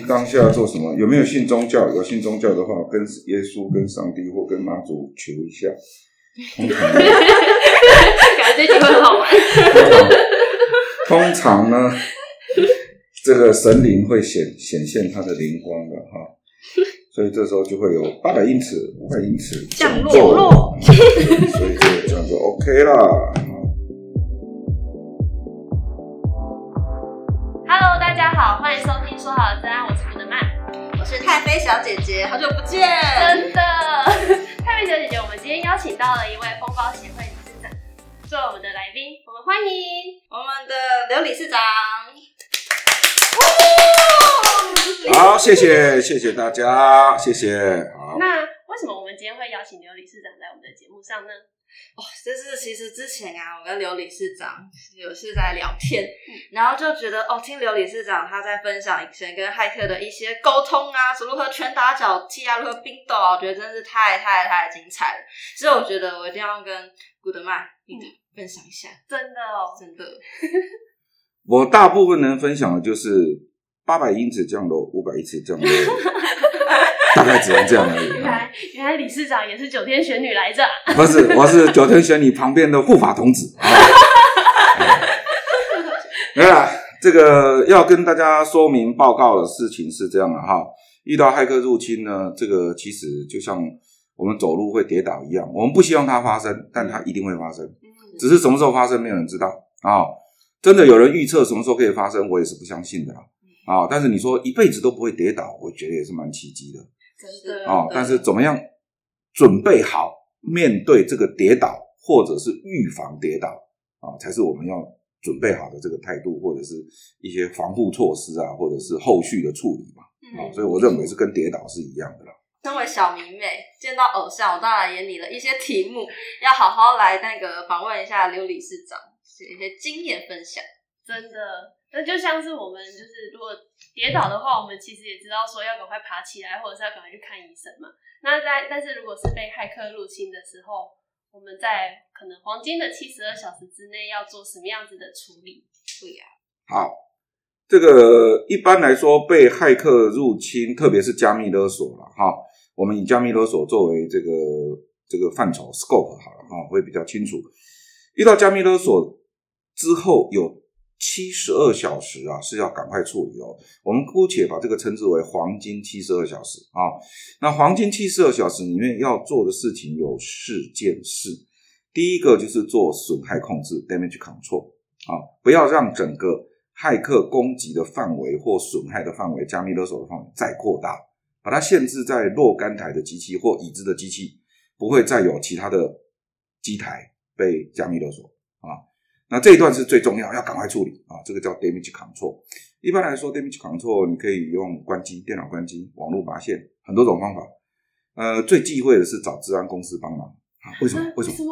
當下要做什麼？有沒有信宗教？有信宗教的話，跟耶穌、跟上帝或跟媽祖求一下。感覺這句話很好玩。通常呢，這個神靈會顯顯現他的靈光的。哈、啊，所以這時候就會有八百英尺、五百英尺降落，嗯、所以這個叫做 OK 啦。啊、Hello，大家好，歡迎收聽。說好的，雖然我是古德曼，我是太妃小姐姐，好久不見，真的。太妃小姐姐，我們今天邀請到了一位封包協會理事長做我們的來賓，我們歡迎我們的劉理事長。哦、好，謝謝，謝謝大家，謝謝。好，那為什麼我們今天會邀請劉理事長在我們的節目上呢？哦，這是其實之前啊，我跟劉理事長有是在聊天，嗯、然後就覺得哦，聽劉理事長他在分享以前跟駭客的一些溝通啊，是如何拳打腳踢啊，如何冰鬥、啊，我覺得真是太太太精彩了。所以我覺得我一定要跟 Goodman 分享一下，嗯、真的哦，真的。 我大部分能分享的就是。八百英尺降落，五百英尺降落， 大概只能這樣而已。原來，啊、原來理事長也是九天玄女來着、啊？不是，我是九天玄女旁邊的護法童子。好了、 啊啊啊，這個要跟大家說明報告的事情是這樣的、啊、哈。遇到駭客入侵呢，這個其實就像我們走路會跌倒一樣，我們不希望它發生，但它一定會發生。只是什麼時候發生，沒有人知道啊。真的有人預測什麼時候可以發生，我也是不相信的、啊。啊、哦！但是你說一輩子都不會跌倒，我覺得也是蠻奇蹟的。真的啊！哦、對但是怎麼樣準備好面對這個跌倒，或者是預防跌倒、哦、才是我們要準備好的這個態度，或者是一些防護措施啊，或者是後續的處理嘛、嗯哦。所以我認為是跟跌倒是一樣的啦。身為小迷妹，見到偶像，我當然也擬了一些題目，要好好來那個訪問一下劉理事長，寫一些經驗分享。真的。那就像是我們，就是如果跌倒的話，我們其實也知道說要趕快爬起來，或者是要趕快去看醫生嘛。那在但是如果是被駭客入侵的時候，我們在可能黃金的七十二小時之內要做什麼樣子的處理？對啊，好，這個一般來說被駭客入侵，特別是加密勒索了哈、哦，我們以加密勒索作為這個這個範疇 scope 好了哈，會、哦、比較清楚。遇到加密勒索之後有。七十二小時啊，是要趕快處理哦。我們姑且把這個稱之為黃金七十二小時啊。那黃金七十二小時裡面要做的事情有四件事。第一個就是做損害控制 （damage control） 啊，不要讓整個駭客攻擊的範圍或損害的範圍、加密勒索的範圍再擴大，把它限制在若干台的機器或已知的機器，不會再有其他的機台被加密勒索。那這一段是最重要，要趕快處理啊！這個叫 damage control。一般來說，damage control 你可以用關機、電腦關機、網絡拔線，很多種方法。呃，最忌諱的是找資安公司幫忙啊！為什麼？為什麼？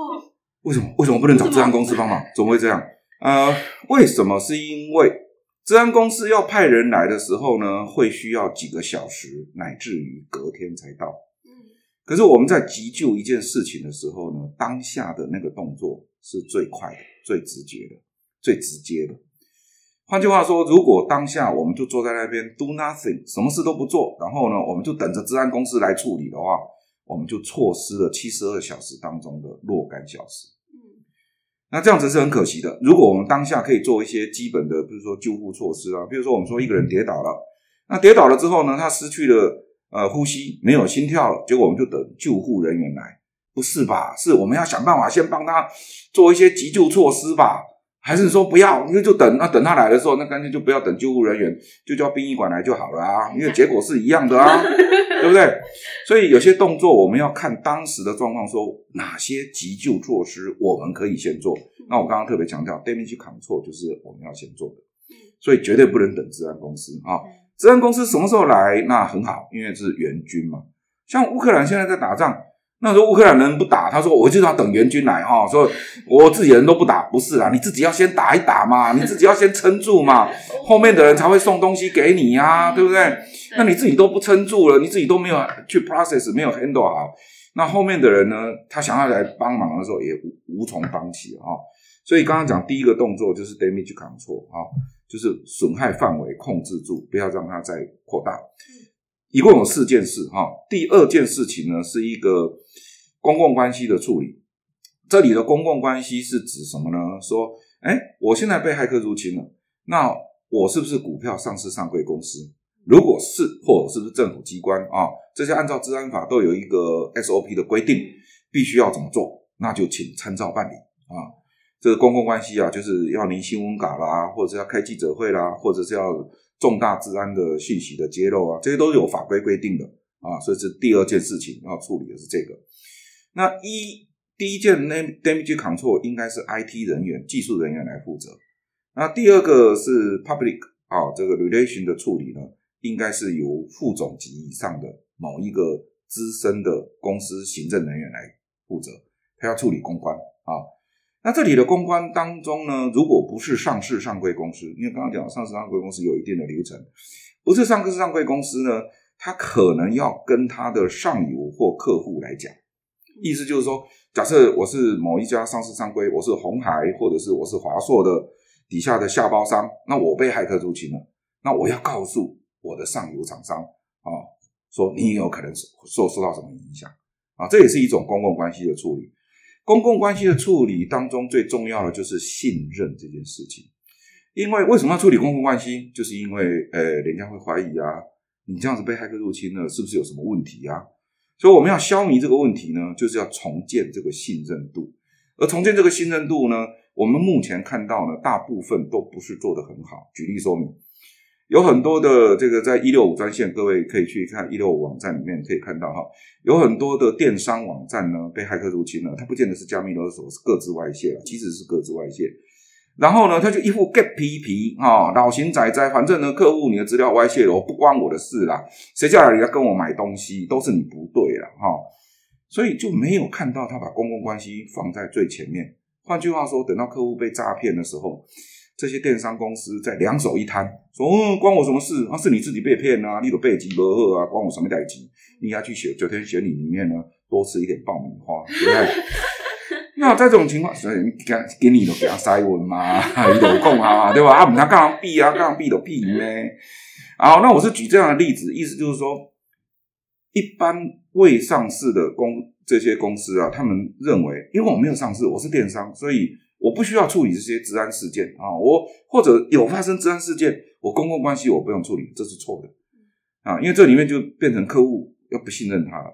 為什麼？為什麼不能找資安公司幫忙？總會這樣？呃，為什麼？是因為資安公司要派人來的時候呢，會需要幾個小時，乃至於隔天才到。嗯。可是我們在急救一件事情的時候呢，當下的那個動作是最快的。最直接的，最直接的。換句話說，如果當下我們就坐在那邊 do nothing，什麼事都不做，然後呢，我們就等着資安公司來處理的話，我們就錯失了七十二小時當中的若干小時。嗯，那這樣子是很可惜的。如果我們當下可以做一些基本的，比如說救護措施啊，比如說我們說一個人跌倒了，那跌倒了之後呢，他失去了呃呼吸，沒有心跳了，結果我們就等救護人員來。不是吧？是我們要想辦法先幫他做一些急救措施吧？還是說不要？因為就等那、啊、等他來的時候，那乾脆就不要等救護人員，就叫殯儀館來就好了啊，因為結果是一樣的啊，對不對？所以有些動作我們要看當時的狀況，說哪些急救措施我們可以先做。那我剛剛特別強調，damage control 就是我們要先做的，所以絕對不能等資安公司啊。哦、資安公司什麼時候來？那很好，因為是援軍嘛。像烏克蘭現在在打仗。那時候烏克蘭人不打，他說我就要等援軍來哈，說我自己人都不打，不是啦，你自己要先打一打嘛，你自己要先撐住嘛，後面的人才會送東西給你呀，對不對？那你自己都不撐住了，你自己都沒有去 process，沒有 handle 好，那後面的人呢，他想要來幫忙的時候也無從幫起哈，所以剛剛講第一個動作就是 damage control 哈，就是損害範圍控制住，不要讓它再擴大。一共有四件事哈。第二件事情呢，是一個公共關係的處理。這裡的公共關係是指什麼呢？說，誒，我現在被駭客入侵了，那我是不是股票上市上櫃公司？如果是，或者是不是政府機關啊？這些按照資安法都有一個 SOP 的規定，必須要怎麼做？那就請參照辦理啊。這個公共關係啊，就是要擬新聞稿啦，或者是要開記者會啦，或者是要，重大資安的信息的揭露啊，這些都是有法規規定的啊，所以是第二件事情要處理的是這個。那一第一件 name damage control 應該是 IT 人員、技術人員來負責。那第二個是 public 啊，這個 relation 的處理呢，應該是由副總級以上的某一個資深的公司行政人員來負責，他要處理公關啊。那這裡的公關當中呢，如果不是上市上櫃公司，因為剛剛講的上市上櫃公司有一定的流程，不是上市上櫃公司呢，他可能要跟他的上游或客戶來講，意思就是說，假設我是某一家上市上櫃，我是鴻海或者是我是華碩的底下的下包商，那我被駭客入侵了，那我要告訴我的上游廠商啊，說你有可能受受到什麼影響啊，這也是一種公共關係的處理。公共關係的處理當中，最重要的就是信任這件事情。因為為什麼要處理公共關係？就是因為呃、欸，人家會懷疑啊，你這樣子被駭客入侵了，是不是有什麼問題啊？所以我們要消弭這個問題呢，就是要重建這個信任度。而重建這個信任度呢，我們目前看到呢，大部分都不是做得很好。舉例說明。有很多的這個在一六五專線，各位可以去看一六五網站裡面可以看到哈，有很多的電商網站呢被駭客入侵了，它不見得是加密勒索，是個資外洩了，其實是個資外洩。然後呢，他就一副 g a p 皮皮哈，老神在在，反正呢，客戶你的資料外泄了，不關我的事啦，誰叫人家跟我買東西，都是你不對了哈，所以就沒有看到他把公共關係放在最前面。換句話說，等到客戶被詐騙的時候。這些電商公司在兩手一攤，說、嗯、關我什麼事？那、啊、是你自己被騙啊！你有被金額啊？關我什麼代誌？你要去九天玄女裡面呢，多吃一點爆米花，對不對？ 那在這種情況，所以給你的比他塞文嘛，啊、你有供啊，對吧？啊，我們他槓幣啊，槓幣的幣咩？好，那我是舉這樣的例子，意思就是說，一般未上市的公這些公司啊，他們認為，因為我沒有上市，我是電商，所以。我不需要處理這些治安事件啊！我或者有發生治安事件，我公共關係我不用處理，這是錯的啊！因為這裡面就變成客戶要不信任他了。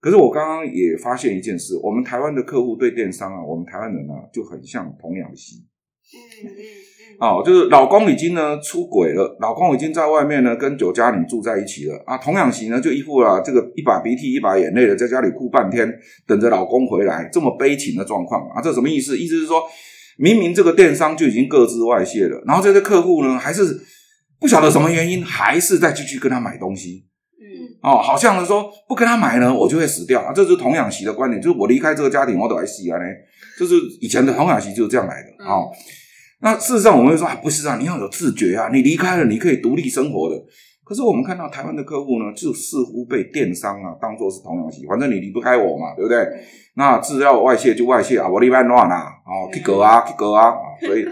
可是我剛剛也發現一件事，我們台灣的客戶對電商啊，我們台灣人啊就很像童養媳。嗯嗯。哦，就是老公已經呢出軌了，老公已經在外面呢跟酒家女住在一起了啊。童養媳呢就一副啊這個一把鼻涕一把眼淚的在家裡哭半天，等着老公回來。這麼悲情的狀況嘛啊，這什麼意思？意思是說，明明這個電商就已經個資外洩了，然後這些客戶呢還是不曉得什麼原因，還是在繼續跟他買東西。嗯，哦，好像是說不跟他買呢，我就會死掉啊。這是童養媳的觀點，就是我離開這個家庭，我都還死啊呢。就是以前的童養媳就是這樣來的啊。哦那事實上，我們會說啊，不是啊，你要有自覺啊，你離開了，你可以獨立生活的。可是我們看到台灣的客戶呢，就似乎被電商啊當作是同樣，反正你離不開我嘛，對不對？那資料外洩就外洩啊，我離不開你啊，啊，去割啊，去、哦、割啊，啊，所以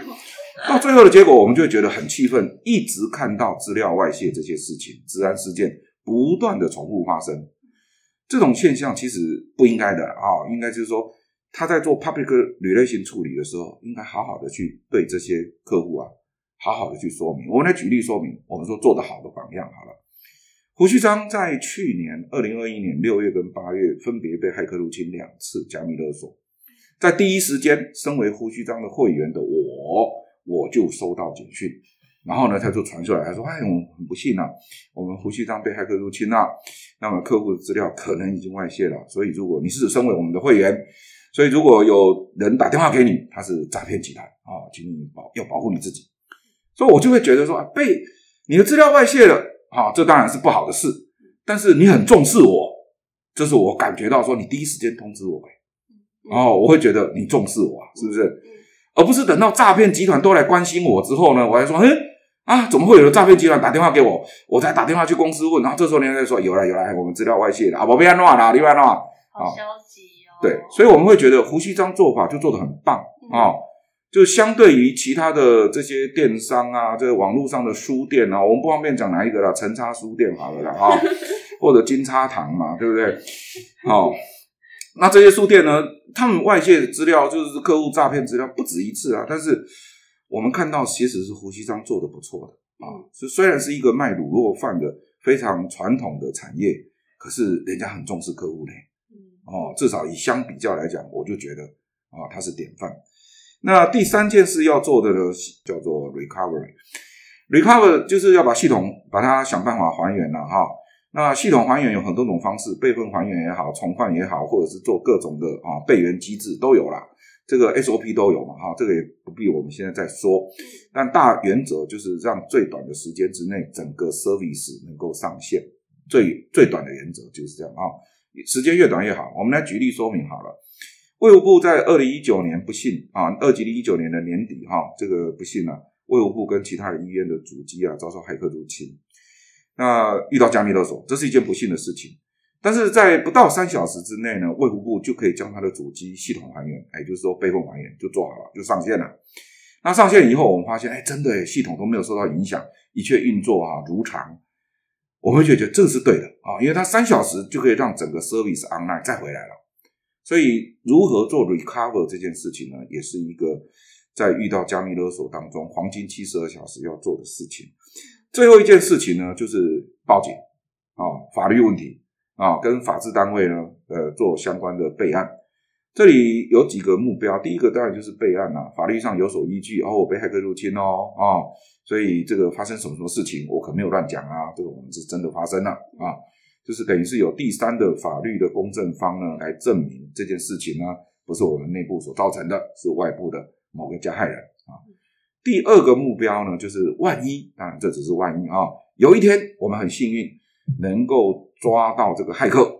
到最後的結果，我們就會覺得很氣憤，一直看到資料外洩這些事情，治安事件不斷的重複發生，這種現象其實不應該的啊、哦，應該就是說。他在做 public relation 處理的時候，應該好好的去對這些客戶啊，好好的去說明。我們來舉例說明，我們說做得好的榜樣好了。胡旭章在去年二零二一年六月跟八月分別被駭客入侵兩次，加密勒索。在第一時間，身為胡旭章的會員的我，我就收到警訊，然後呢，他就傳出來，他說：“哎，我們很不幸啊，我們胡旭章被駭客入侵了，啊，那麼客戶的資料可能已經外洩了。所以，如果你是身為我們的會員。”所以，如果有人打電話給你，他是詐騙集團啊、哦，請你保要保護你自己。所以我就會覺得說、啊、被你的資料外泄了啊、哦，這當然是不好的事。但是你很重視我，這、就是我感覺到說你第一時間通知我，然後我會覺得你重視我、啊，是不是？嗯、而不是等到詐騙集團都來關心我之後呢，我還說，嗯、欸、啊，怎麼會有的詐騙集團打電話給我，我才打電話去公司問。然後這時候你再說，有了有了，我們資料外泄了啊，不要亂了，亂了，好消息。對，所以我們會覺得鬍鬚張做法就做得很棒啊、哦，就相對於其他的這些電商啊，這個網絡上的書店啊，我們不方便講哪一個啦，誠叉書店好了啦哈、哦，或者金叉堂嘛，對不對？哦，那這些書店呢，他們外界資料就是客戶詐騙資料不止一次啊，但是我們看到其實是鬍鬚張做得不錯的啊，是、哦、雖然是一個賣滷肉飯的非常傳統的產業，可是人家很重視客戶嘞。哦，至少以相比較來講，我就覺得啊，它是典範。那第三件事要做的呢，叫做 recovery。recovery 就是要把系統把它想辦法還原了、啊、哈。那系統還原有很多種方式，備份還原也好，重換也好，或者是做各種的啊備援機制都有啦。這個 S O P 都有嘛哈，這個也不必我們現在再說。但大原則就是讓最短的時間之內整個 service 能夠上線，最最短的原則就是這樣啊。時間越短越好。我們來舉例說明好了。衛福部在二零一九年不幸啊，二零一九年的年底哈，這個不幸啊，衛福部跟其他的醫院的主機啊，遭受駭客入侵，那遇到加密勒索，這是一件不幸的事情。但是在不到三小時之內呢，衛福部就可以將它的主機系統還原，也、哎、就是說備份還原就做好了，就上線了。那上線以後，我們發現，誒、哎、真的，系統都沒有受到影響，一切運作啊如常。我們覺得這是對的啊，因為他三小時就可以讓整個 service online 再回來了，所以如何做 recover 這件事情呢，也是一個在遇到加密勒索當中黃金七十二小時要做的事情。最後一件事情呢，就是報警啊，法律問題啊，跟法制單位呢，呃，做相關的備案。這裡有幾個目標，第一個當然就是備案啦、啊，法律上有所依據。哦，我被駭客入侵哦，啊、哦，所以這個發生什麼什麼事情，我可沒有亂講啊，這個我們是真的發生了啊、哦，就是等於是有第三的法律的公證方呢來證明這件事情呢不是我們內部所造成的，是外部的某個加害人啊、哦。第二個目標呢，就是萬一，當然這只是萬一啊、哦，有一天我們很幸運能夠抓到這個駭客。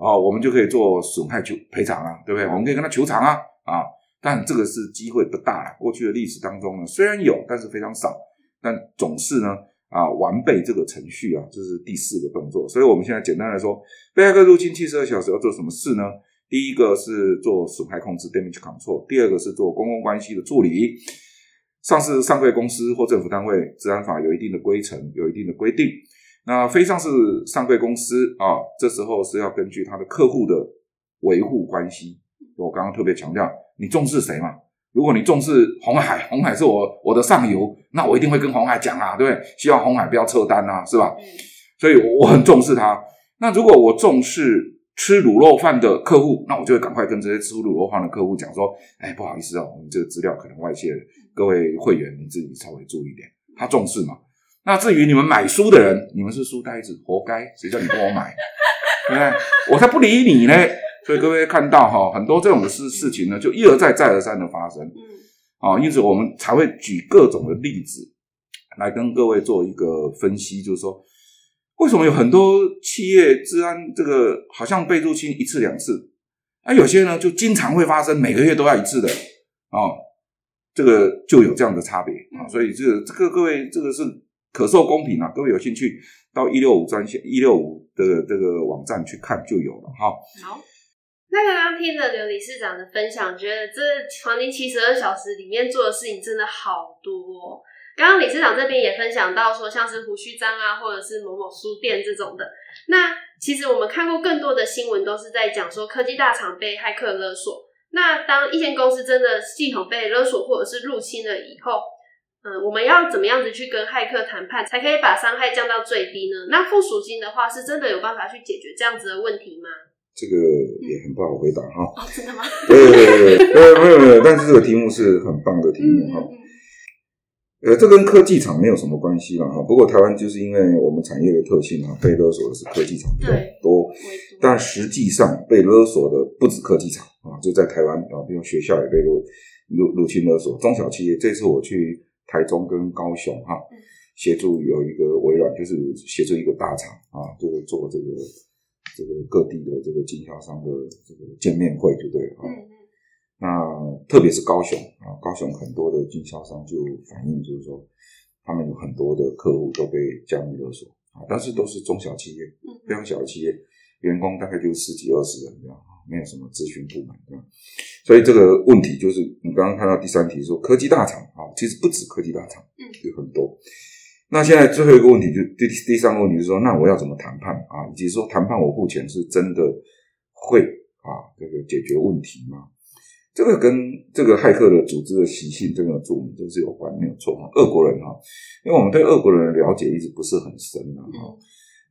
哦，我們就可以做損害求賠償啊，對不對？我們可以跟他求償啊，啊，但這個是機會不大、啊、過去的歷史當中呢，雖然有，但是非常少，但總是呢，啊，完備這個程序啊，這是第四個動作。所以，我們現在簡單來說，被駭客入侵七十二小時要做什麼事呢？第一個是做損害控制 （damage control），第二個是做公共關係的處理。上市上櫃公司或政府單位，治安法有一定的規程，有一定的規定。那非上市上櫃公司啊，這時候是要根據他的客戶的維護關係。我剛剛特別強調，你重視誰嘛？如果你重視鴻海，鴻海是我我的上游，那我一定會跟鴻海講啊，對不對？希望鴻海不要撤單啊，是吧？所以我很重視他。那如果我重視吃滷肉飯的客戶，那我就會趕快跟這些吃滷肉飯的客戶講說：“哎，不好意思哦，我們這個資料可能外洩了，各位會員你自己稍微注意一點。”他重視嘛？那至於你們買書的人，你們是書呆子，活該！誰叫你給我買？你看，我才不理你呢。所以各位看到哈，很多這種事事情呢，就一而再，再而三的發生。啊，因此我們才會舉各種的例子來跟各位做一個分析，就是說，為什麼有很多企業資安這個好像被入侵一次兩次，那、啊、有些呢就經常會發生，每個月都要一次的啊，這個就有這樣的差別。所以這個這個各位，這個是。可受公平啊，各位有興趣到一六五專線一六五的這個網站去看就有了哈。哦、好，那剛剛聽了劉理事長的分享，覺得這黃金七十二小時裡面做的事情真的好多、哦。剛剛理事長這邊也分享到說，像是胡鬚章啊，或者是某某書店這種的。那其實我們看過更多的新聞，都是在講說科技大廠被駭客勒索。那當一間公司真的系統被勒索或者是入侵了以後，嗯，我們要怎麼樣子去跟駭客談判，才可以把傷害降到最低呢？那付贖金的話，是真的有辦法去解決這樣子的問題嗎？這個也很不好回答、嗯、哈、哦。真的嗎？對呃對對， 沒有沒有， 但是這個題目是很棒的題目、嗯、哈。呃，這跟科技廠沒有什麼關係了哈。不過台灣就是因為我們產業的特性啊，被勒索的是科技廠比較多，但實際上被勒索的不止科技廠啊，就在台灣啊，比如學校也被入入侵勒索，中小企業。這次我去。台中跟高雄哈，協、啊、助有一個微軟，就是協助一個大廠啊，就是做這個這個各地的這個經銷商的這個見面會就對了。啊、嗯。那特別是高雄啊，高雄很多的經銷商就反映，就是說他們有很多的客戶都被加密勒索啊，但是都是中小企業，嗯、哼非常小的企業，員工大概就十幾二十人這樣。沒有什麼資訊部門啊、嗯，所以這個問題就是你剛剛看到第三題說科技大廠啊，其實不止科技大廠，有很多。嗯、那現在最後一個問題就第第三個問題就是說，那我要怎麼談判啊？以及說談判，我付錢是真的會啊，這個解決問題嗎？這個跟這個駭客的組織的習性，這個著名，這是有關，沒有錯啊。俄國人哈、啊，因為我們對俄國人的了解一直不是很深啊、嗯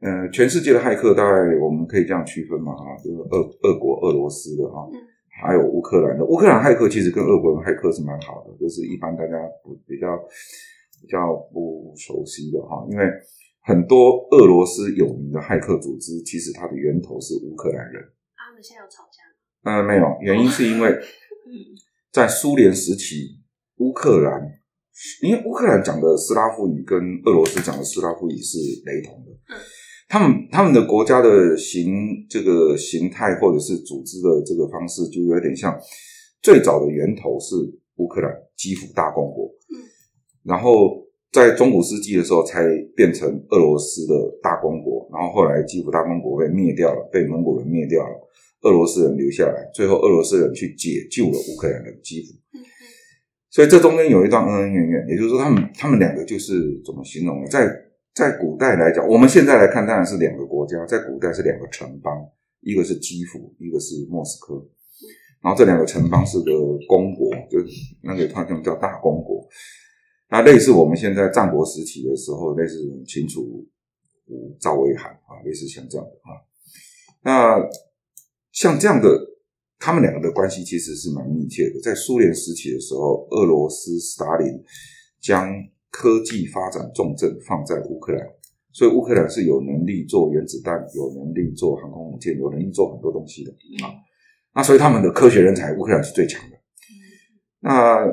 呃，全世界的駭客大概我們可以這樣區分嘛？就是俄俄國、俄羅斯的哈，還有烏克蘭的烏克蘭駭客，其實跟俄國人駭客是蠻好的，就是一般大家不比較比較不熟悉的哈，因為很多俄羅斯有名的駭客組織，其實它的源頭是烏克蘭人。他們、啊、現在要吵架？嗯、呃，沒有，原因是因為嗯，在蘇聯時期， 嗯、烏克蘭因為烏克蘭講的斯拉夫語跟俄羅斯講的斯拉夫語是雷同的，嗯他們他們的國家的形這個形態或者是組織的這個方式就有點像最早的源頭是烏克蘭基輔大公國，嗯，然後在中古世紀的時候才變成俄羅斯的大公國，然後後來基輔大公國被滅掉了，被蒙古人滅掉了，俄羅斯人留下來，最後俄羅斯人去解救了烏克蘭的基輔，嗯，所以這中間有一段恩恩怨怨，也就是說他們他們兩個就是怎麼形容呢在。在古代來講，我們現在來看當然是兩個國家，在古代是兩個城邦，一個是基輔，一個是莫斯科，然後這兩個城邦是個公國，就是那個他就叫大公國，那類似我們現在戰國時期的時候，類似秦楚趙魏韓啊，類似像這樣的啊，那像這樣的他們兩個的關係其實是蠻密切的，在蘇聯時期的時候，俄羅斯斯大林將科技發展重鎮放在烏克蘭，所以烏克蘭是有能力做原子彈、有能力做航空母艦、有能力做很多東西的啊。那所以他們的科學人才，烏克蘭是最強的。那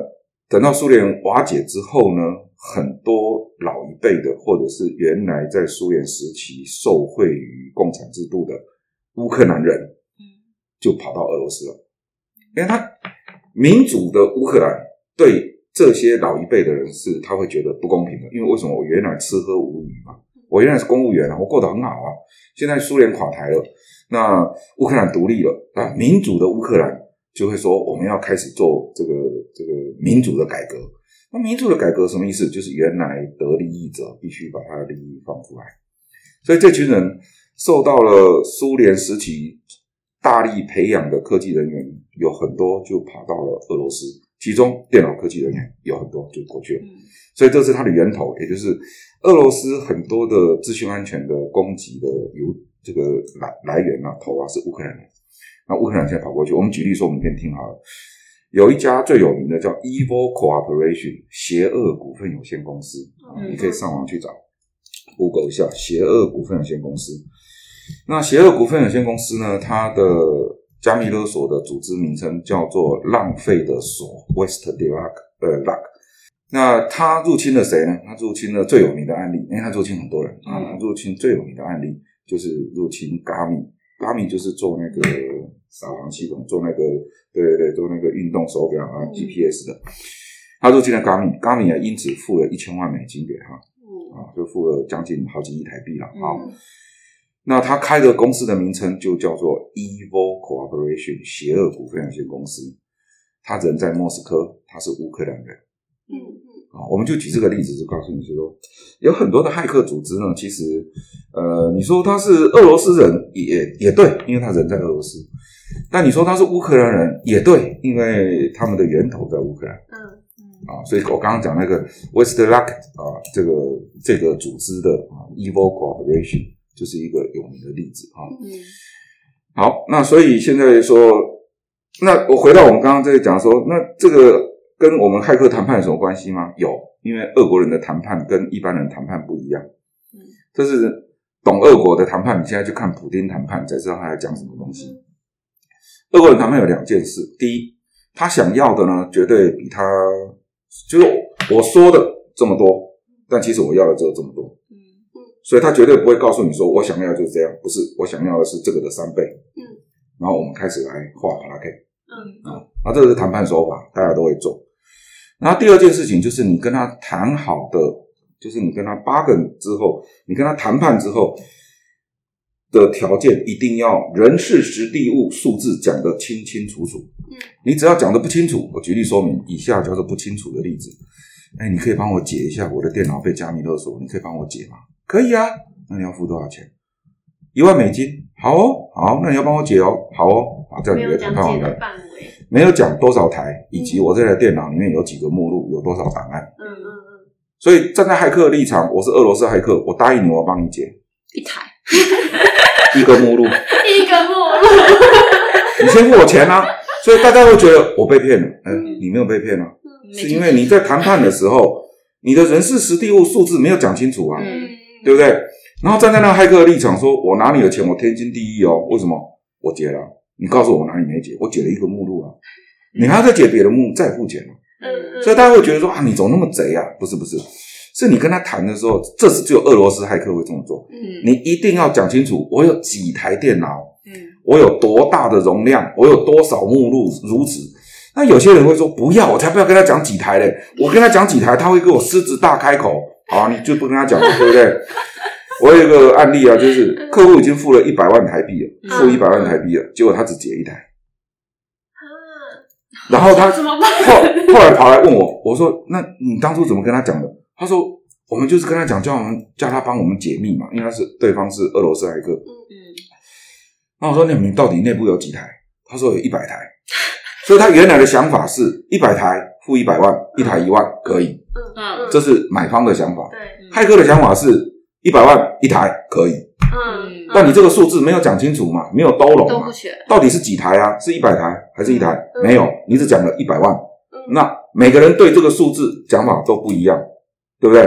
等到蘇聯瓦解之後呢，很多老一輩的，或者是原來在蘇聯時期受惠於共產制度的烏克蘭人，嗯，就跑到俄羅斯了。因為他民主的烏克蘭對。這些老一輩的人士，他會覺得不公平的，因為為什麼我原來吃喝無虞嘛，啊？我原來是公務員啊，我過得很好啊。現在蘇聯垮台了，那烏克蘭獨立了，那民主的烏克蘭就會說，我們要開始做這個這個民主的改革。那民主的改革什麼意思？就是原來得利益者必須把他的利益放出來。所以這群人受到了蘇聯時期大力培養的科技人員，有很多就跑到了俄羅斯。其中，電腦科技人員有很多就過去了，所以這是它的源頭，也就是俄羅斯很多的資訊安全的攻擊的由這個來來源啊，頭啊是烏克蘭的。那烏克蘭現在跑過去，我們舉例說，我們可以聽好了，有一家最有名的叫 Evil Cooperation，邪惡股份有限公司，嗯，你可以上網去找，嗯，Google 一下“邪惡股份有限公司”。那邪惡股份有限公司呢，它的。加密勒索的組織名稱叫做“浪費的索 WastedLocker 呃，Lock。那他入侵了誰呢？他入侵了最有名的案例，因、欸、為他入侵很多人、嗯、啊。入侵最有名的案例就是入侵 Garmin，Garmin 就是做那個導航、啊、系統，做那個，對對對，做那個運動手錶啊 GPS 的。嗯、他入侵了 Garmin，Garmin 也因此付了一千萬美金給他，嗯、啊，就付了將近好幾億台幣了啊。嗯那他開的公司的名稱就叫做 Evil Corporation，邪惡股份有限公司。他人在莫斯科，他是烏克蘭人。嗯嗯。啊，我們就舉這個例子，就告訴你說，有很多的駭客組織呢。其實，呃，你說他是俄羅斯人也也對，因為他人在俄羅斯。但你說他是烏克蘭人也對，因為他們的源頭在烏克蘭。嗯嗯。啊，所以我剛剛講那個 Westluck 啊，這個這個組織的啊，Evil Corporation。E 就是一個有名的例子啊。好，那所以現在說，那我回到我們剛剛這個講說，那這個跟我們駭客談判有什麼關係嗎？有，因為俄國人的談判跟一般人談判不一樣。嗯。這是懂俄國的談判，你現在去看普丁談判，才知道他要講什麼東西。俄國人談判有兩件事，第一，他想要的呢，絕對比他就是我說的這麼多，但其實我要的只有這麼多。所以他絕對不會告訴你說我想要就是這樣，不是，我想要的是這個的三倍。嗯，然後我們開始來畫卡拉 K。嗯啊，那這個是談判手法，大家都會做。然後第二件事情就是你跟他談好的，就是你跟他八個人之後，你跟他談判之後的條件一定要人事、時地、物、數字講得清清楚楚。嗯，你只要講得不清楚，我舉例說明，以下就是不清楚的例子。哎，你可以幫我解一下，我的電腦被加密勒索，你可以幫我解嗎？可以啊，那你要付多少錢？一萬美金。好哦，好哦，那你要幫我解哦。好哦，把這台電腦。沒有講解的範圍。沒有講多少台，以及我這台電腦裡面有幾個目錄，有多少檔案。嗯嗯嗯。所以站在駭客的立場，我是俄羅斯駭客，我答應你，我幫你解。一台。 一個目錄。一個目錄。 你先付我錢啊！所以大家會覺得我被騙了。嗯、欸。你沒有被騙啊？嗯、是因為你在談判的時候，你的人事、實地、物、數字沒有講清楚啊。嗯對不對？然後站在那個駭客的立場說：“我哪裡有錢？我天經地義哦。為什麼？我解了啊。你告訴我，我哪裡沒解？我解了一個目錄啊，你還要再解別的目錄再付錢。嗯嗯。嗯，所以大家會覺得說啊，你怎麼那麼賊啊？不是不是，是你跟他談的時候，這是只有俄羅斯駭客會這麼做。嗯，你一定要講清楚，我有幾台電腦，嗯，我有多大的容量，我有多少目錄，如此。嗯，那有些人會說不要，我才不要跟他講幾台嘞。我跟他講幾台，他會給我獅子大開口。”好、啊，你就不跟他講了，對不對？ 我有一個案例，啊，就是客戶已經付了一百萬台幣了，付一百萬台幣了，結果他只解一台，嗯、然後他後後來跑來問我，我說那你當初怎麼跟他講的？他說我們就是跟他講叫我們叫他幫我們解密嘛，因為他是對方是俄羅斯駭客。嗯嗯。那我說那你們到底內部有幾台？他說有一百台，所以他原來的想法是一百台付一百萬，一台一萬，可以。這是買方的想法。對、嗯，派哥的想法是一百萬一台可以。嗯，但你這個數字沒有講清楚嘛？沒有兜 o 嘛。不到底是幾台啊？是一百台還是一台？嗯、沒有，你只講了一百萬。嗯、那每個人對這個數字講法都不一樣，對不對？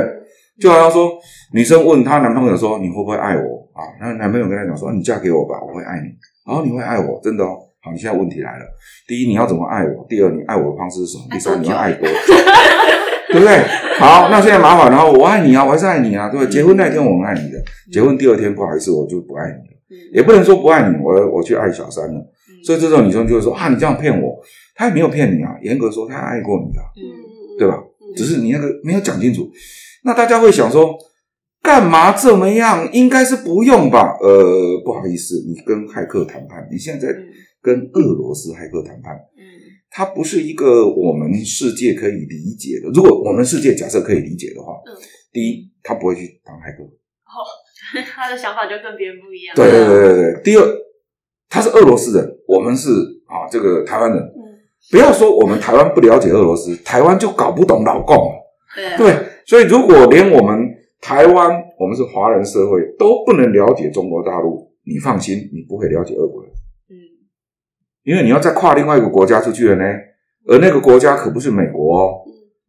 就好像說，女生問她男朋友說：“你會不會愛我啊？”那男朋友跟她講說：“你嫁給我吧，我會愛你，然、哦、後你會愛我，真的哦。”好，你現在問題來了：第一，你要怎麼愛我？第二，你愛我的方式是什麼？第三，你要愛我。 對不對？好，那現在麻煩，然後我愛你啊，我還是愛你啊，對吧？嗯、結婚那一天我很愛你的，嗯、結婚第二天不好意思，我就不愛你了，嗯、也不能說不愛你，我我去愛小三了。嗯、所以這時候女生就會說啊，你這樣騙我，她也沒有騙你啊，嚴格說她愛過你的、啊，嗯、對吧？嗯、只是你那個沒有講清楚。那大家會想說，幹嘛這麼樣？應該是不用吧？呃，不好意思，你跟駭客談判，你現在跟俄羅斯駭客談判。他不是一個我們世界可以理解的。如果我們世界假設可以理解的話，嗯、第一，他不會去當駭客；哦，他的想法就跟別人不一樣了。對對對對對。第二，他是俄羅斯人，嗯、我們是啊，這個台灣人。嗯。不要說我們台灣不了解俄羅斯，嗯、台灣就搞不懂老共。對、啊。對，所以如果連我們台灣，我們是華人社會都不能了解中國大陸，你放心，你不會了解俄國人。因為你要再跨另外一個國家出去了呢，而那個國家可不是美國哦，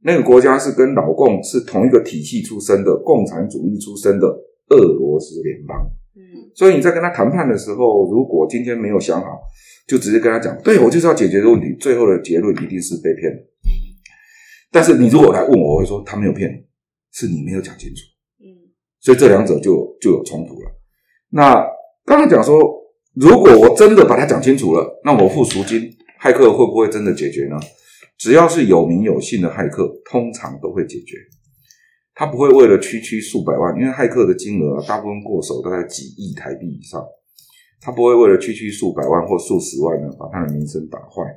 那個國家是跟老共是同一個體系出身的，共產主義出身的俄羅斯聯邦。嗯，所以你在跟他談判的時候，如果今天沒有想好，就直接跟他講，對，我就是要解決這個問題，最後的結論一定是被騙的。嗯，但是你如果來問我，我會說他沒有騙你，是你沒有講清楚。嗯，所以這兩者就就有衝突了。那剛才講說。如果我真的把它講清楚了，那我付贖金，駭客會不會真的解決呢？只要是有名有姓的駭客，通常都會解決。他不會為了區區數百萬，因為駭客的金額啊，大部分過手都在幾億台幣以上，他不會為了區區數百萬或數十萬呢，把他的名聲打壞。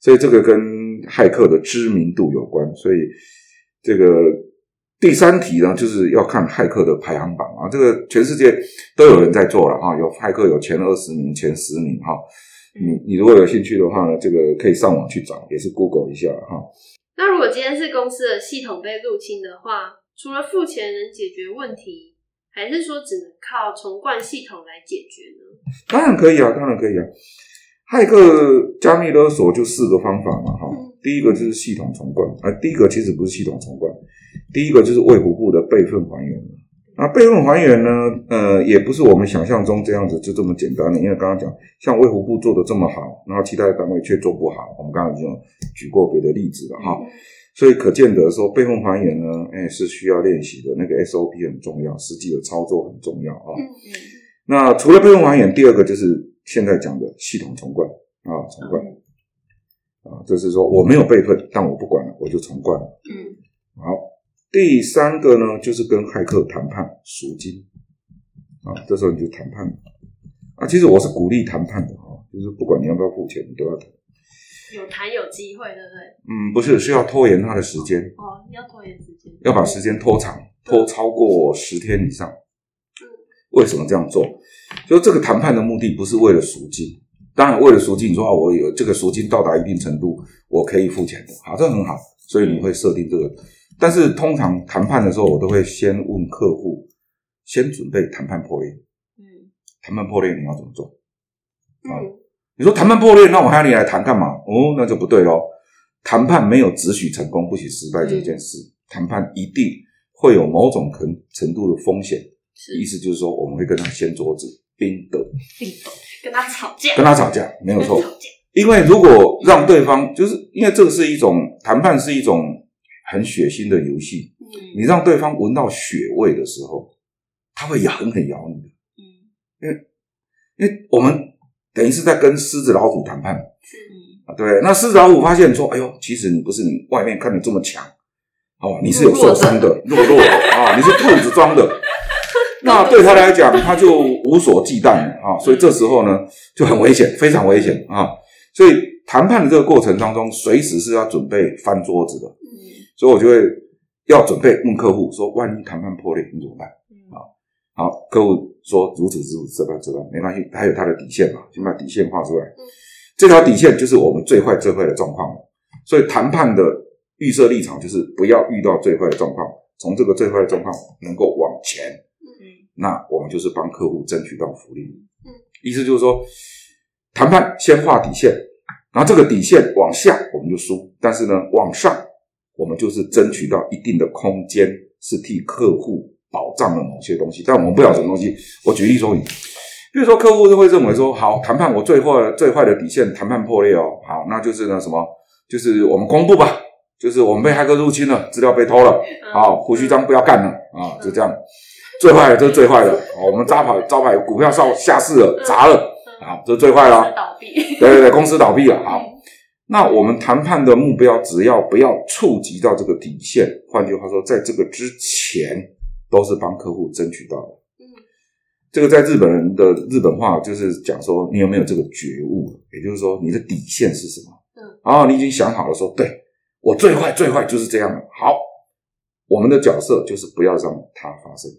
所以這個跟駭客的知名度有關，所以這個。第三題呢，就是要看駭客的排行榜啊，這個全世界都有人在做了哈，有駭客有前二十名、前十名哈、哦。你你如果有興趣的話呢，這個可以上網去找，也是 Google 一下哈。哦、那如果今天是公司的系統被入侵的話，除了付錢能解決問題，還是說只能靠重灌系統來解決呢？當然可以啊，當然可以啊。駭客加密勒索就四個方法嘛哈，哦嗯、第一個就是系統重灌、呃，第一個其實不是系統重灌。第一個就是衛福部的備份還原，那備份還原呢，呃，也不是我們想象中這樣子就這麼簡單的，因為剛剛講像衛福部做得這麼好，然後其他的單位卻做不好，我們剛剛已經舉過別的例子了哈，所以可見得說備份還原呢，哎、欸，是需要練習的，那個 SOP 很重要，實際的操作很重要啊、哦。那除了備份還原，第二個就是現在講的系統重灌啊、哦，重灌啊，就是說我沒有備份，但我不管了，我就重灌了。嗯。好。第三個呢，就是跟駭客談判贖金啊，這時候你就談判啊。其實我是鼓勵談判的啊、哦，就是不管你要不要付錢，你都要談。有談有機會，對不對？嗯，不是，是要拖延他的時間。哦，你要拖延時間，要把時間拖長，拖超過十天以上。對，為什麼這樣做？就這個談判的目的不是為了贖金，當然為了贖金，你說啊，我有這個贖金到達一定程度，我可以付錢的，好，這很好，所以你會設定這個。但是通常談判的時候，我都會先問客戶，先準備談判破裂。嗯，談判破裂你要怎麼做？好、嗯啊，你說談判破裂，那我還要你來談幹嘛？哦，那就不對嘍。談判沒有只許成功不許失敗這件事，談、嗯、判一定會有某種程度的風險。是，意思就是說我們會跟他掀桌子、冰鬥、冰鬥，跟他吵架，跟他吵架沒有錯。因為如果讓對方就是因為這是一種談判是一種。很血腥的遊戲，嗯、你讓對方聞到血味的時候，他會也狠狠咬你的。嗯。因為因為我們等於是在跟獅子老虎談判。嗯、對。那獅子老虎發現說：“哎呦，其實你不是你外面看得這麼強哦，你是有受傷的，懦弱，弱弱的，你是兔子裝的。” 那對他來講，他就無所忌憚了、哦、所以這時候呢，就很危險，非常危險、哦、所以談判的這個過程當中，隨時是要準備翻桌子的。嗯所以，我就會要準備問客戶說：“萬一談判破裂，你怎麼辦？”啊、嗯，好，客戶說：“如此如此，這般這般，沒關係，還有他的底線嘛，先把底線畫出來。嗯、這條底線就是我們最壞最壞的狀況，所以談判的預設立場就是不要遇到最壞的狀況，從這個最壞的狀況能夠往前。嗯，那我們就是幫客戶爭取到福利。嗯，意思就是說，談判先畫底線，然後這個底線往下我們就輸，但是呢，往上。我們就是爭取到一定的空間，是替客戶保障了某些東西，但我們不要什麼東西。我舉例說，比如說客戶就會認為說，好，談判，我最壞最壞的底線，談判破裂哦，好，那就是那什麼，就是我們公布吧，就是我們被駭客入侵了，資料被偷了，好，胡鬚章不要幹了啊，就這樣，最壞的就是最壞的，我們招牌招牌股票下下市了，砸了，啊，這是最壞了，哦，倒閉，對對對，公司倒閉了，啊。那我們談判的目標，只要不要觸及到這個底線，換句話說，在這個之前都是幫客戶爭取到的。這個在日本人的日本話就是講說，你有沒有這個覺悟？也就是說，你的底線是什麼？然後你已經想好了，說對我最壞最壞就是這樣的。好，我們的角色就是不要讓它發生。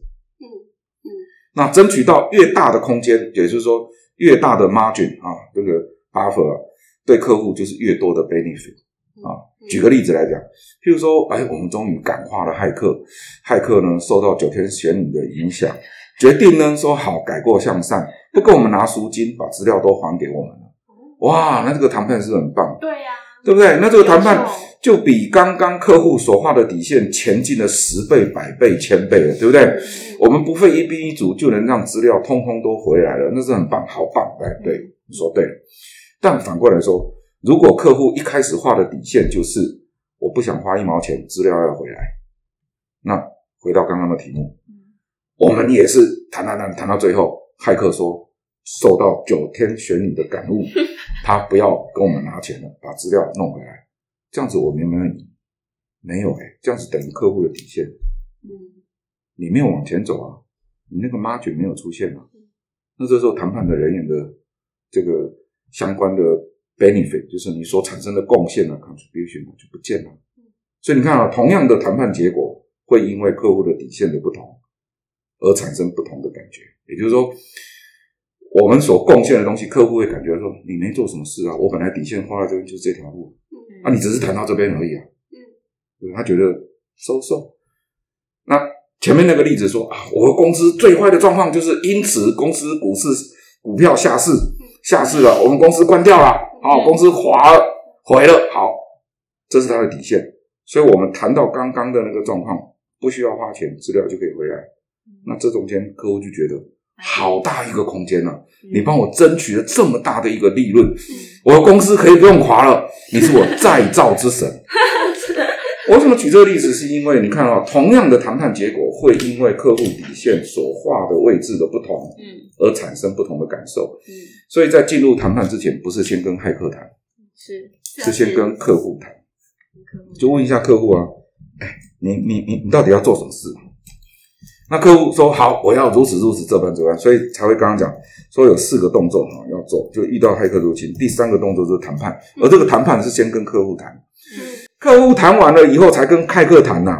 那爭取到越大的空間，也就是說越大的 margin 啊，這個 buffer。對客戶就是越多的 benefit 啊！舉個例子來講，譬如說，哎，我們終於感化了駭客，駭客呢受到九天玄女的影響，決定呢說好改過向善，不跟我們拿贖金，把資料都還給我們了。哇，那這個談判是很棒，對呀、啊，對不對？那這個談判就比剛剛客戶所畫的底線前進了十倍、百倍、千倍了，對不對？嗯，我們不費一兵一卒就能讓資料通通都回來了，那是很棒，好棒！哎，對，你說對。但反過來說，如果客戶一開始畫的底線就是我不想花一毛錢，資料要回來，那回到剛剛的題目，嗯、我們也是談、談、談，談到最後，駭客說受到九天玄女的感悟，他不要跟我們拿錢了，把資料弄回來。這樣子我明明沒有哎、欸，這樣子等於客戶的底線，嗯、你沒有往前走啊，你那個 margin 沒有出現啊，那這時候談判的人員的這個。相關的 benefit 就是你所產生的貢獻呢，可能就不見了。所以你看啊，同樣的談判結果，會因為客戶的底線的不同而產生不同的感覺。也就是說，我們所貢獻的東西，客戶會感覺說，你沒做什麼事啊，我本來底線畫在這邊就是這條路，那 Okay.、啊、你只是談到這邊而已啊。他覺得收收。So, so. 那前面那個例子說啊，我們公司最壞的狀況就是因此公司股市股票下市。下市了，啊，我們公司關掉了，好，公司垮了，毀了，好，這是他的底線。所以，我們談到剛剛的那個狀況，不需要花錢，資料就可以回來。那這中間，客戶就覺得好大一個空間啊。你幫我爭取了這麼大的一個利潤，我的公司可以不用垮了，你是我再造之神。 我怎麼舉這個例子？是因為你看啊，同樣的談判結果，會因為客戶底線所畫的位置的不同，而產生不同的感受。所以在進入談判之前，不是先跟駭客談，是是先跟客戶談，就問一下客戶啊，哎、你你你你到底要做什麼事？那客戶說好，我要如此如此這般這般，所以才會剛剛講說有四個動作哈要做，就遇到駭客入侵，第三個動作就是談判，而這個談判是先跟客戶談，客戶談完了以後，才跟駭客談吶。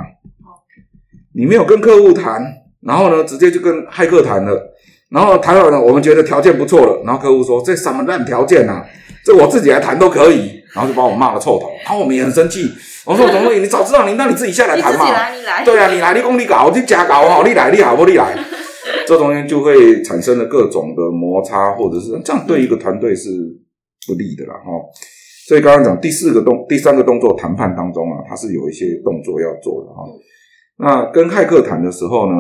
你沒有跟客戶談，然後呢，直接就跟駭客談了。然後談完了，我們覺得條件不錯了。然後客戶說：“這什麼爛條件吶？這我自己來談都可以。”然後就把我罵了臭頭。然後我們也很生氣，我說：“總理，你早知道，你那你自己下來談嘛。”對啊，你來，你功你搞，我就假搞，好利來利好不利來。這中間就會產生了各種的摩擦，或者是這樣對一個團隊是不利的了哈。所以剛剛講第四個動，第三個動作談判當中啊，它是有一些動作要做的哈、哦。那跟駭客談的時候呢，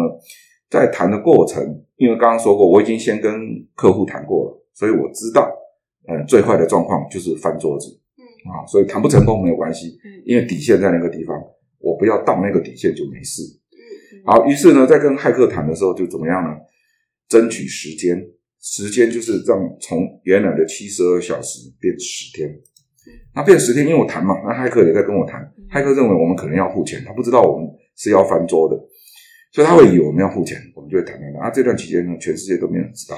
在談的過程，因為剛剛說過，我已經先跟客戶談過了，所以我知道，嗯，最壞的狀況就是翻桌子，啊、哦，所以談不成功沒有關係，因為底線在那個地方，我不要到那個底線就沒事。好，於是呢，在跟駭客談的時候就怎麼樣呢？爭取時間，時間就是讓從原來的七十二小時變十天。那變十天，因為我談嘛，那駭客也在跟我談。駭客、嗯、認為我們可能要付錢，他不知道我們是要翻桌的，所以他會以為我們要付錢，我們就會談談談。啊，這段期間呢，全世界都沒有人知道，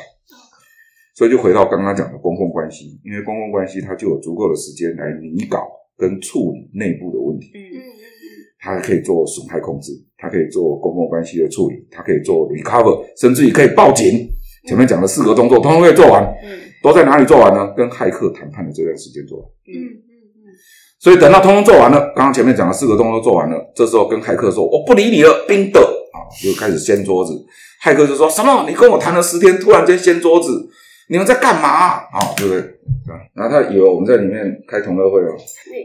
所以就回到剛剛講的公共關係，因為公共關係它就有足夠的時間來擬稿跟處理內部的問題。嗯嗯嗯，它還可以做損害控制，它可以做公共關係的處理，它可以做 recover，甚至於可以報警。嗯、前面講的四個動作，通通可以做完。嗯、都在哪裡做完呢？跟駭客談判的這段時間做嗯，嗯嗯嗯，所以等到通通做完了，剛剛前面講了四個動作做完了，這時候跟駭客說，我不理你了，冰的啊，就開始掀桌子。駭客就說什麼？你跟我談了十天，突然間掀桌子，你們在幹嘛啊？啊對不對、啊？然後他以為我們在裡面開同樂會了、哦，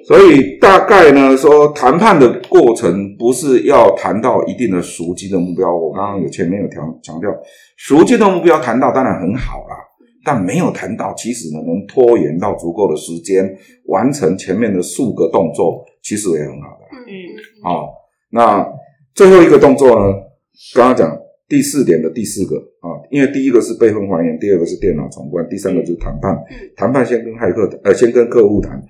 所以大概呢，說談判的過程不是要談到一定的贖金的目標。我剛剛有前面有強強調，贖金的目標談到當然很好了、啊。但沒有談到，其實呢，能拖延到足夠的時間，完成前面的數個動作，其實也很好的、啊。嗯，啊，那最後一個動作呢？剛剛講第四點的第四個啊、哦，因為第一個是備份還原，第二個是電腦重灌，第三個就是談判。談判先跟駭客呃，先跟客戶談，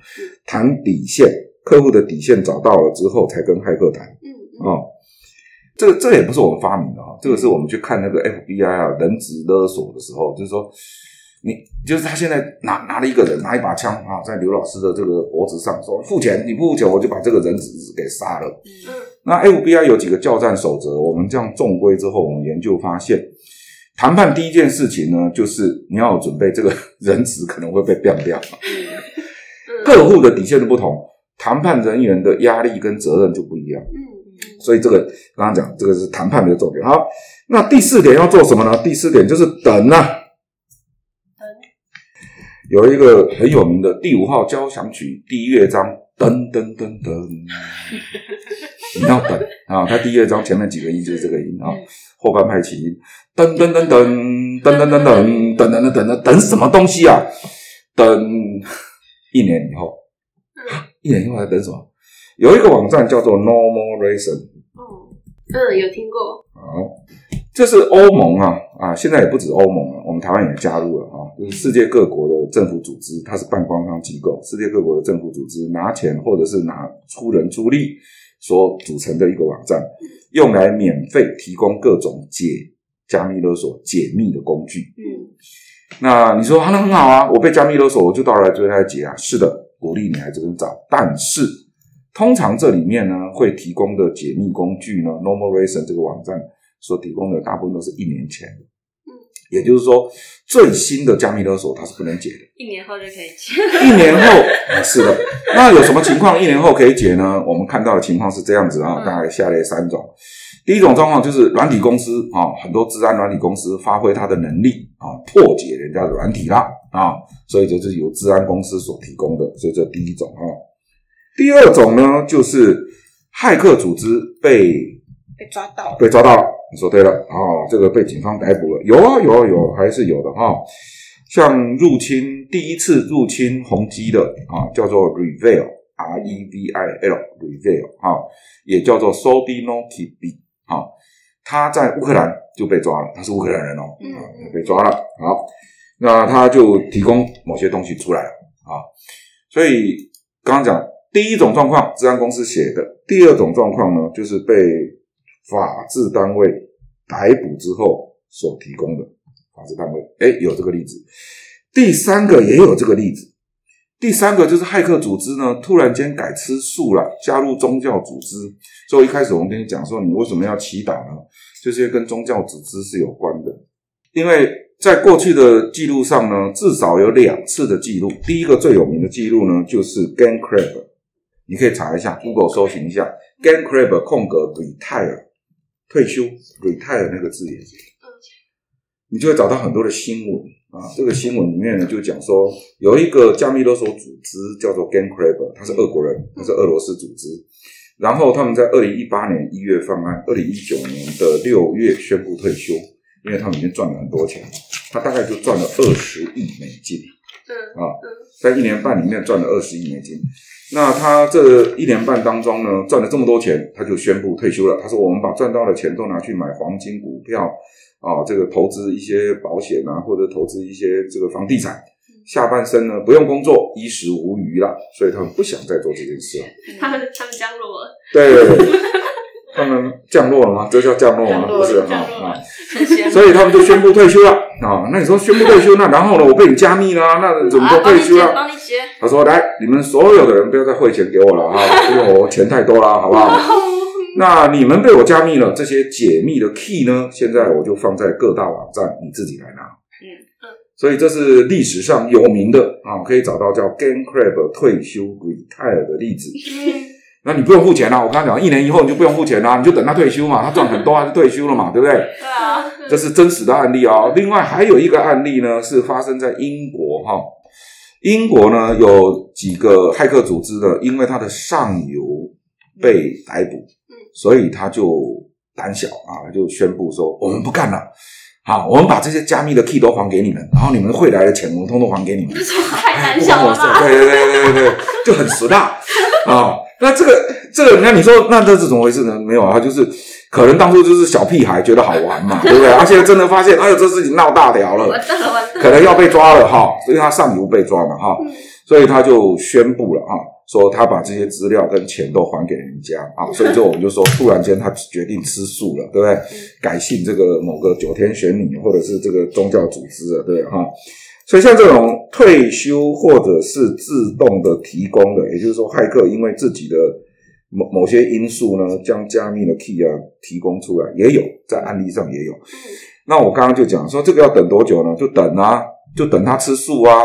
談底線，客戶的底線找到了之後，才跟駭客談。嗯，啊，這個這也不是我們發明的啊、哦，這個是我們去看那個 FBI 啊，人質勒索的時候，就是說。你就是他現在拿拿了一個人，拿一把槍啊，在劉老師的這個脖子上說，付錢，你不付錢我就把這個人質給殺了。嗯、那 FBI 有幾個教戰守則，我們這樣中規之後，我們研究發現，談判第一件事情呢，就是你要準備這個人質可能會被幹掉。客戶、嗯、的底線的不同，談判人員的壓力跟責任就不一樣。所以這個剛剛講這個是談判的重點。好，那第四點要做什麼呢？第四點就是等啊。有一個很有名的《第五號交響曲》，第一樂章噔噔噔噔，登登登登 你要等啊！它第一樂章前面幾個音就是這個音啊，嗯、後半拍起音，噔噔噔噔噔噔噔噔噔噔噔噔，等什麼東西啊？等一年以後，嗯、一年以後還等什麼？有一個網站叫做 Normal Reason，嗯、呃、有聽過好這是歐盟啊，啊，現在也不止歐盟了、啊，我們台灣也加入了啊。就是世界各國的政府組織，它是半官方機構，世界各國的政府組織拿錢或者是拿出人出力所組成的一個網站，用來免費提供各種解加密勒索解密的工具。嗯，那你說、啊，那很好啊，我被加密勒索，我就到來追他來解啊。是的，鼓勵你來這邊找，但是通常這裡面呢，會提供的解密工具呢，Normalation 這個網站。所提供的大部分都是一年前的，嗯，也就是說最新的加密勒索它是不能解的，一年後就可以解，一年後，是的。那有什麼情況一年後可以解呢？ 我們看到的情況是這樣子啊，大概下列三種。第一種狀況就是軟體公司啊，很多資安軟體公司發揮它的能力啊，破解人家的軟體啦。啊，所以就是由資安公司所提供的，所以這第一種啊。第二種呢，就是駭客組織被被抓到了，被抓到了，說對了啊、哦，這個被警方逮捕了，有啊有啊，有啊，有，還是有的哈、哦。像入侵第一次入侵宏碁的啊、哦，叫做 REvil R E V I L REvil 哈、哦，也叫做 Sodinokibi、哦、哈，他在烏克蘭就被抓了，他是烏克蘭人哦，嗯、哦被抓了。好，那他就提供某些東西出來了啊、哦。所以剛剛講第一種狀況，資安公司寫的；第二種狀況呢，就是被。法治單位逮捕之後所提供的法治單位，哎，有這個例子。第三個也有這個例子。第三個就是駭客組織呢，突然間改吃素了，加入宗教組織。所以一開始我們跟你講說，你為什麼要祈禱呢？這些跟宗教組織是有關的。因為在過去的記錄上呢，至少有兩次的記錄。第一個最有名的記錄呢，就是 GandCrab 你可以查一下，Google 搜尋一下 GandCrab 空格 Retire。退休 r 泰的那個字也是，你就會找到很多的新聞啊。這個新聞裡面呢，就講說有一個加密勒索組織叫做 g a n g r e r 他是俄國人，他是俄羅斯組織。然後他們在二零一八年一月犯案，二零一九年的六月宣布退休，因為他們已經賺了很多錢，他大概就賺了二十億美金。對啊，對。在一年半裡面賺了二十億美金。那他這一年半當中呢，賺了這麼多錢，他就宣布退休了。他說：“我們把賺到的錢都拿去買黃金、股票啊，這個投資一些保險啊，或者投資一些這個房地產。嗯、下半生呢，不用工作，衣食無虞了。所以他們不想再做這件事了、啊。他們他們加入了。”對。 他們降落了嗎？這叫降落嗎？不是啊啊！所以他們就宣布退休了啊。那你說宣布退休，那然後呢？我被你加密了，那怎麼就退休了、啊？啊、他說：“來，你們所有的人不要再匯錢給我了啊，因為我錢太多了，好不好？哇那你們被我加密了，這些解密的 key 呢？現在我就放在各大網站，你自己來拿。嗯，所以這是歷史上有名的啊，可以找到叫 GameCrab 退休 retire 的例子。嗯”那你不用付錢啊，我剛才講，一年以後你就不用付錢啊，你就等他退休嘛，他賺很多他就退休了嘛，對不對？對啊嗯、這是真實的案例啊、哦。另外還有一個案例呢，是發生在英國哈、哦，英國呢有幾個駭客組織的，因為他的上游被逮捕，嗯、所以他就膽小啊，就宣布說我們不幹了，好、啊，我們把這些加密的 key 都還給你們，然後你們匯來的錢我們通通還給你們，哎、不膽我了對對對對對， 就很實大啊。那這個這個，你看你說那這是怎麼回事呢？沒有啊，他就是可能當初就是小屁孩覺得好玩嘛，對不對？他 且在真的發現，哎呦，這事情鬧大條了，完了完了可能要被抓了哈，因 以他上游被抓了哈，嗯、所以他就宣布了哈、啊，說他把這些資料跟錢都還給人家啊，所以就我們就說，突然間他決定吃素了，對不對？嗯、改信這個某個九天玄女或者是這個宗教組織了，對哈。所以像這種退休或者是自動的提供的，也就是說駭客因為自己的某某些因素呢，將加密的 key、啊、提供出來，也有在案例上也有。嗯、那我剛剛就講說，這個要等多久呢？就等啊，就等他吃素啊！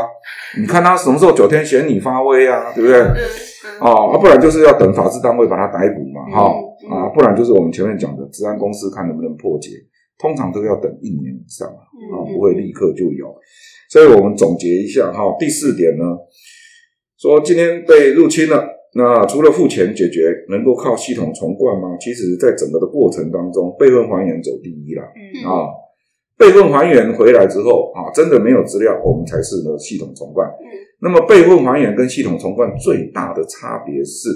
你看他什麼時候九天玄女發威啊？對不對？嗯嗯、哦，啊，不然就是要等法制單位把他逮捕嘛，哈、哦嗯嗯、啊，不然就是我們前面講的資安公司看能不能破解，通常都要等一年以上啊、哦，不會立刻就有。所以我們總結一下哈，第四點呢，說今天被入侵了，那除了付錢解決，能夠靠系統重灌嗎？其實，在整個的過程當中，備份還原走第一了。嗯。啊、哦，備份還原回來之後啊，真的沒有資料，我們才是呢系統重灌。嗯。那麼備份還原跟系統重灌最大的差別是，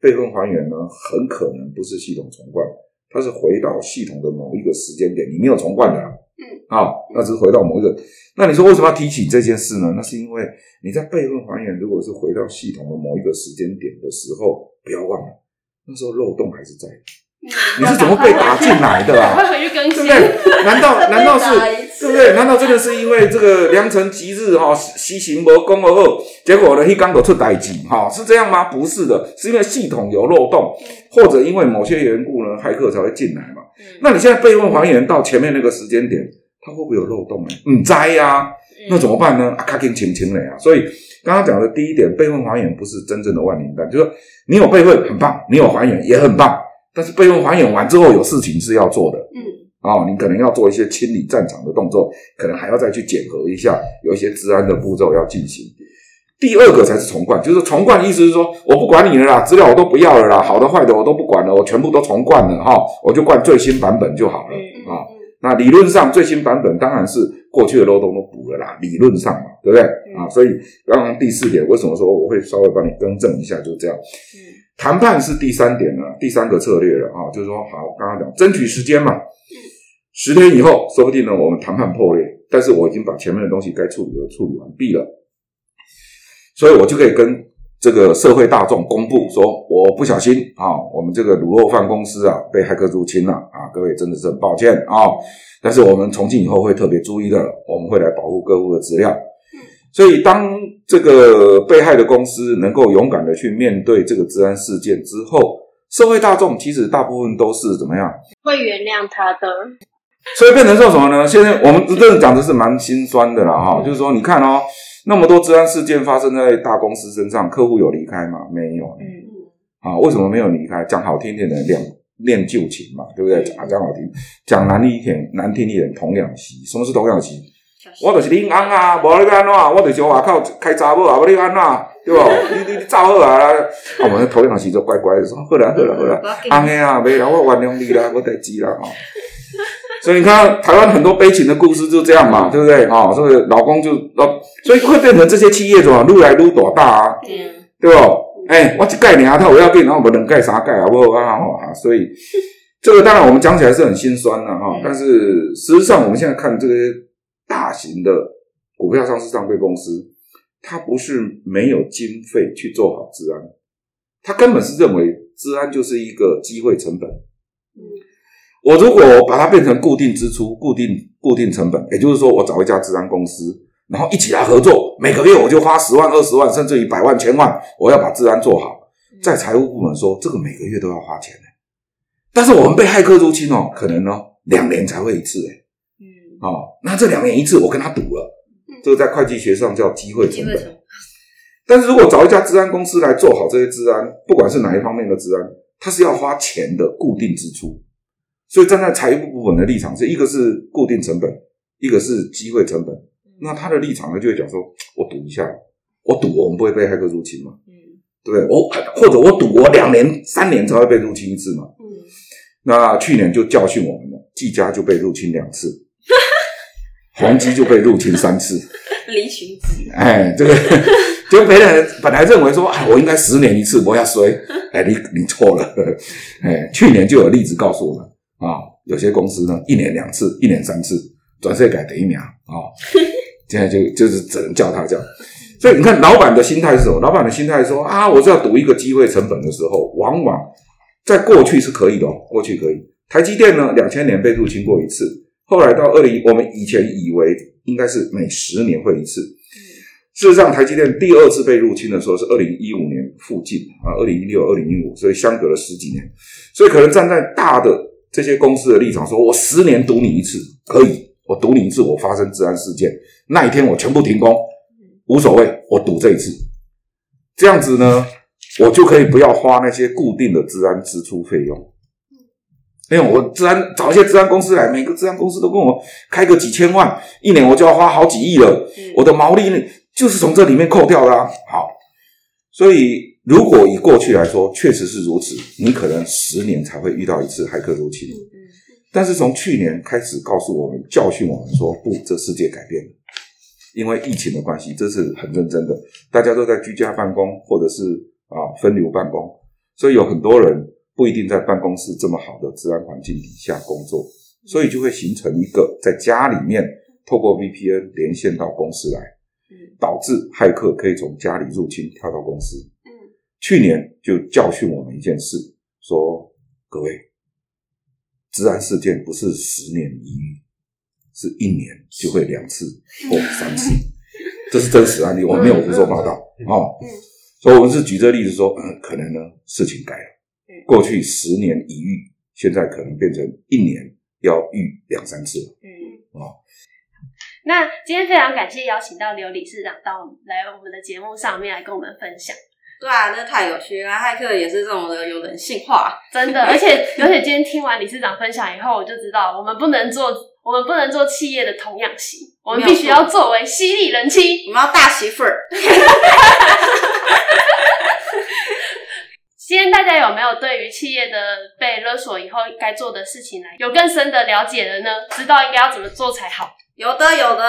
備份還原呢，很可能不是系統重灌，它是回到系統的某一個時間點，你沒有重灌的、啊。嗯，好，那只是回到某一個。那你說為什麼要提起這件事呢？那是因為你在備份還原，如果是回到系統的某一個時間點的時候，不要忘了，那時候漏洞還是在。你是怎麼被打進來的啦？對不對？難道難道是？對不對？難道真的是因為這個良辰吉日哈，西行而功而後結果呢，一剛好出代誌哈，是這樣嗎？不是的，是因為系統有漏洞，或者因為某些緣故呢，駭客才會進來嘛。那你現在備份還原到前面那個時間點，它會不會有漏洞呢？嗯，在呀，那怎麼辦呢？啊，卡緊清清嘞啊！所以剛剛講的第一點，備份還原不是真正的萬靈丹，就是說你有備份很棒，你有還原也很棒。但是備份還原完之後，有事情是要做的，嗯，啊、哦，你可能要做一些清理戰場的動作，可能還要再去檢核一下，有一些治安的步驟要進行。第二個才是重灌，就是重灌的意思是說，我不管你了啦，資料我都不要了啦，好的壞的我都不管了，我全部都重灌了哈、哦，我就灌最新版本就好了啊、嗯哦。那理論上最新版本當然是過去的漏洞都補了啦，理論上嘛，對不對？嗯、啊，所以剛剛第四點，為什麼說我會稍微幫你更正一下，就這樣。嗯談判是第三點啊，第三個策略了啊，就是說，好，剛剛講爭取時間嘛，十天以後，說不定呢，我們談判破裂，但是我已經把前面的東西該處理的處理完畢了，所以我就可以跟這個社會大眾公布說，我不小心啊，我們這個滷肉飯公司啊被駭客入侵了啊，各位真的是很抱歉啊，但是我們從今以後會特別注意的，我們會來保護客戶的資料。所以，當這個被害的公司能夠勇敢地去面對這個資安事件之後，社會大眾其實大部分都是怎麼樣？會原諒他的。所以變成說什麼呢？現在我們真的講的是蠻心酸的了哈，嗯、就是說，你看哦，那麼多資安事件發生在大公司身上，客戶有離開嗎？沒有。嗯。啊，為什麼沒有離開？講好聽點的練，兩念舊情嘛，對不對？講好聽，講難聽一點，難聽一點，童養媳。什麼是童養媳？我就是恁昂啊，無你安怎？我就是外口開查某啊，無你安怎，對不？你你你走好啊！我我頭討厭時就乖乖的，說，好啦好啦好啦，安嘿啊，沒，我原諒你啦，無代誌啦哈。所以你看，台灣很多悲情的故事就這樣嘛，對不對？哈，所以老公就，所以會變成這些企業，怎麼越來越多大啊？對不？哎，我一蓋啊，他我要蓋，然後我兩蓋三蓋啊，無啊，所以這個當然我們講起來是很心酸的哈，但是事實上我們現在看這個。大型的股票上市證券公司，他不是沒有經費去做好資安，他根本是認為資安就是一個機會成本。嗯，我如果把它變成固定支出、固定固定成本，也就是說，我找一家資安公司，然後一起來合作，每個月我就花十萬、二十萬，甚至於百萬、千萬，我要把資安做好。在財務部門說，這個每個月都要花錢。但是我們被駭客入侵哦，可能哦，兩年才會一次哎。啊、哦，那這兩年一次，我跟他賭了，嗯、這個在會計學上叫機會成本。成本，但是如果找一家治安資安公司來做好這些資安，不管是哪一方面的資安，他是要花錢的固定支出。所以站在財務部門的立場，是一個是固定成本，一個是機會成本。嗯、那他的立場呢，就會講說：“我賭一下，我賭我們不會被黑客入侵嘛？對不、嗯、對？我或者我賭我兩年、三年才會被入侵一次嘛？嗯、那去年就教訓我們了，技嘉就被入侵兩次。”宏碁就被入侵三次，離 群子。哎，這、就、個、是，就別人本來認為說哎，我應該十年一次不要衰，哎，你你錯了，哎，去年就有例子告訴我們啊、哦，有些公司呢一年兩次，一年三次，轉設改等於秒啊，哦、 現在就就是只能叫他叫。所以你看老闆，老闆的心態是什麼？老闆的心態說啊，我是要賭一個機會成本的時候，往往在過去是可以的、哦，過去可以。台積電呢，兩千年被入侵過一次。後來到二零，我們以前以為應該是每十年會一次。事實上，台積電第二次被入侵的時候是二零一五年附近啊，二零一六、二零一五，所以相隔了十幾年。所以可能站在大的這些公司的立場說，說我十年賭你一次可以，我賭你一次我發生資安事件那一天我全部停工，無所謂，我賭這一次，這樣子呢，我就可以不要花那些固定的資安支出費用。沒有，我資安找一些資安公司來，每個資安公司都跟我開個幾千萬，一年我就要花好幾億了。嗯、我的毛利就是從這裡面扣掉的、啊。好，所以如果以過去來說，確實是如此，你可能十年才會遇到一次駭客入侵。但是從去年開始，告訴我們、教訓我們說，不，這世界改變了，因為疫情的關係，這是很認真的，大家都在居家辦公，或者是啊分流辦公，所以有很多人。不一定在辦公室這麼好的資安環境底下工作，所以就會形成一個在家裡面透過 VPN 連線到公司來，導致駭客可以從家裡入侵跳到公司，嗯、去年就教訓我們一件事，說各位，資安事件不是十年一遇，是一年就會兩次或三次，嗯、這是真實案例，我沒有胡說八道啊、嗯哦，所以我們是舉這例子說，嗯、可能呢事情改了。過去十年一遇，現在可能變成一年要遇兩三次。嗯啊，嗎那今天非常感謝邀請到劉理事長到我們來我們的節目上面來跟我們分享。對啊，那太有趣了，駭客也是這種的有人性化，真的。 而且而且今天聽完理事長分享以後，我就知道我們不能做，我們不能做企業的童養媳，我們必須要作為犀利人妻，我，我們要大媳婦兒。 今天大家有沒有對於企業的被勒索以後該做的事情來有更深的了解了呢？知道應該要怎麼做才好？有的，有的。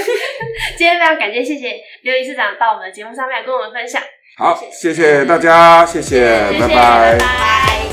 今天非常感謝，謝謝劉理事長到我們的節目上面來跟我們分享。好，謝謝大家，謝謝，謝謝拜拜。謝謝拜拜。